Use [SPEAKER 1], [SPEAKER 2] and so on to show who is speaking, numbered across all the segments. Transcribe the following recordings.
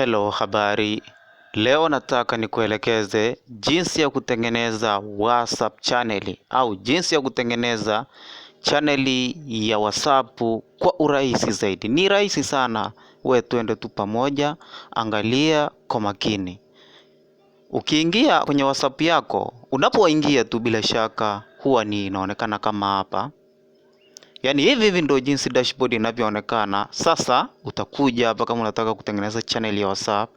[SPEAKER 1] Hello, habari. Leo nataka nikuelekeze jinsi ya kutengeneza WhatsApp channel au jinsi ya kutengeneza chaneli ya WhatsApp kwa urahisi zaidi. Ni rahisi sana, we tuende tu pamoja, angalia kwa makini. Ukiingia kwenye WhatsApp yako, unapoingia tu, bila shaka huwa ni inaonekana kama hapa Yaani hivi hivi ndio jinsi dashboard inavyoonekana. Sasa utakuja hapa kama unataka kutengeneza channel ya WhatsApp.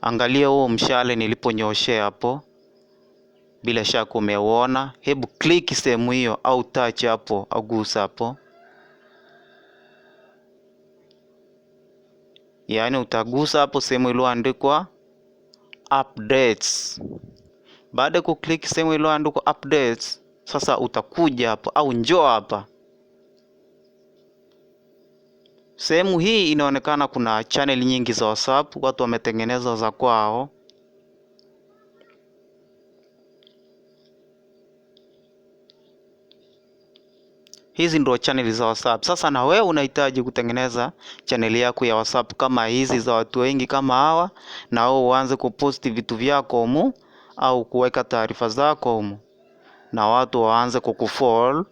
[SPEAKER 1] Angalia huo mshale niliponyoshea hapo, bila shaka umeuona. Hebu click sehemu hiyo au touch hapo au gusa hapo. yaani utagusa hapo sehemu iliyoandikwa updates. Baada ya kuklik sehemu iliyoandikwa updates, sasa utakuja hapo au njoo hapa. Sehemu hii inaonekana kuna channel nyingi za WhatsApp watu wametengeneza za kwao. Hizi ndio chaneli za WhatsApp. Sasa na wewe unahitaji kutengeneza chaneli yako ya WhatsApp kama hizi za watu wengi kama hawa, na wewe uanze kuposti vitu vyako humu au kuweka taarifa zako humu, na watu waanze kukufollow.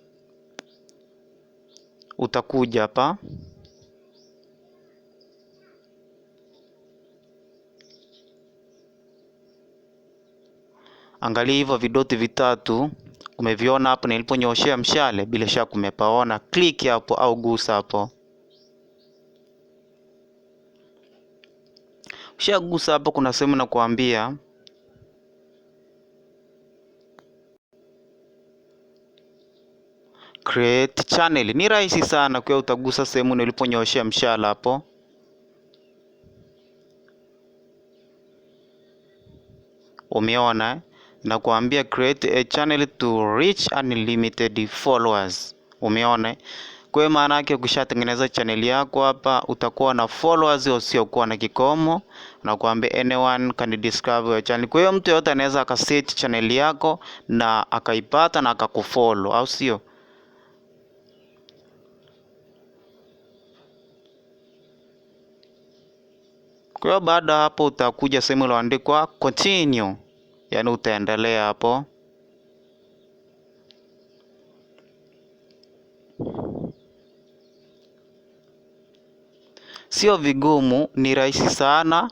[SPEAKER 1] Utakuja hapa angalia hivyo vidoti vitatu. Umeviona hapo niliponyoshea mshale, bila shaka umepaona. Click hapo au gusa hapo. Ushagusa hapo, kuna sehemu na kuambia create channel. Ni rahisi sana kwa, utagusa sehemu niliponyoshea mshale hapo Umeona eh? na kuambia create a channel to reach unlimited followers. Umeona? Kwa maana yake ukishatengeneza channel yako hapa utakuwa na followers usiokuwa na kikomo, na kuambia anyone can discover your channel. Kwa hiyo mtu yote anaweza akaset channel yako na akaipata na akakufollow, au sio? Kwa hiyo baada hapo utakuja sehemu iliyoandikwa continue yaani utaendelea hapo sio vigumu ni rahisi sana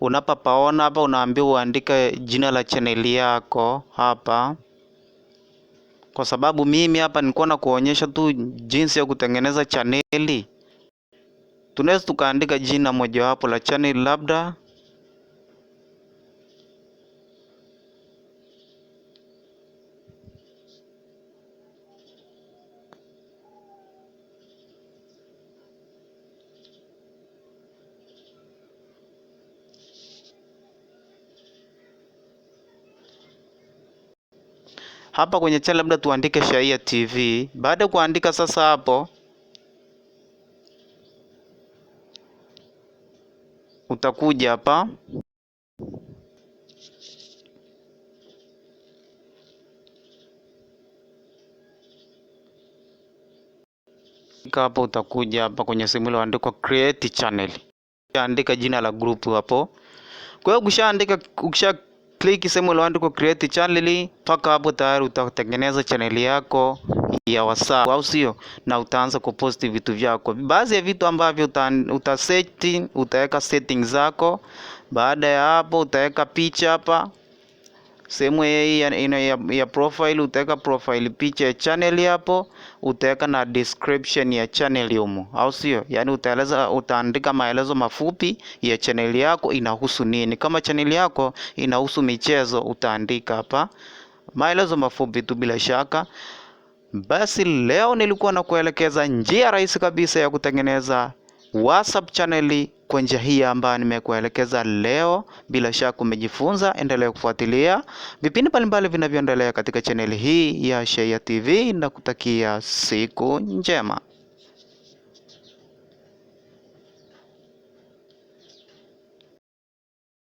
[SPEAKER 1] unapapaona hapa unaambiwa uandike jina la chaneli yako hapa kwa sababu mimi hapa nilikuwa na kuonyesha tu jinsi ya kutengeneza chaneli tunaweza tukaandika jina mojawapo la chaneli labda hapa kwenye channel, labda tuandike Shayia TV. Baada ya kuandika sasa hapo utakuja hapa hapa utakuja hapa kwenye simu ile andiko create channel, andika jina la group hapo. Kwa hiyo ukishaandika ukisha click sehemu iliyoandikwa create channel. Toka hapo tayari utatengeneza chaneli yako ya WhatsApp au sio? Na utaanza kuposti vitu vyako, baadhi ya vitu ambavyo uta, uta setting, utaweka settings zako. Baada ya hapo utaweka picha hapa sehemu hii ya, ya, ya profile utaweka profile picha ya channel hapo, utaweka na description ya channel humo, au sio? Yani utaeleza, utaandika maelezo mafupi ya channel yako inahusu nini. Kama channel yako inahusu michezo, utaandika hapa maelezo mafupi tu, bila shaka. Basi leo nilikuwa na kuelekeza njia rahisi kabisa ya kutengeneza WhatsApp channel kwa njia hii ambayo nimekuelekeza leo. Bila shaka umejifunza. Endelea kufuatilia vipindi mbalimbali vinavyoendelea katika chaneli hii ya Shayia TV na kutakia siku njema.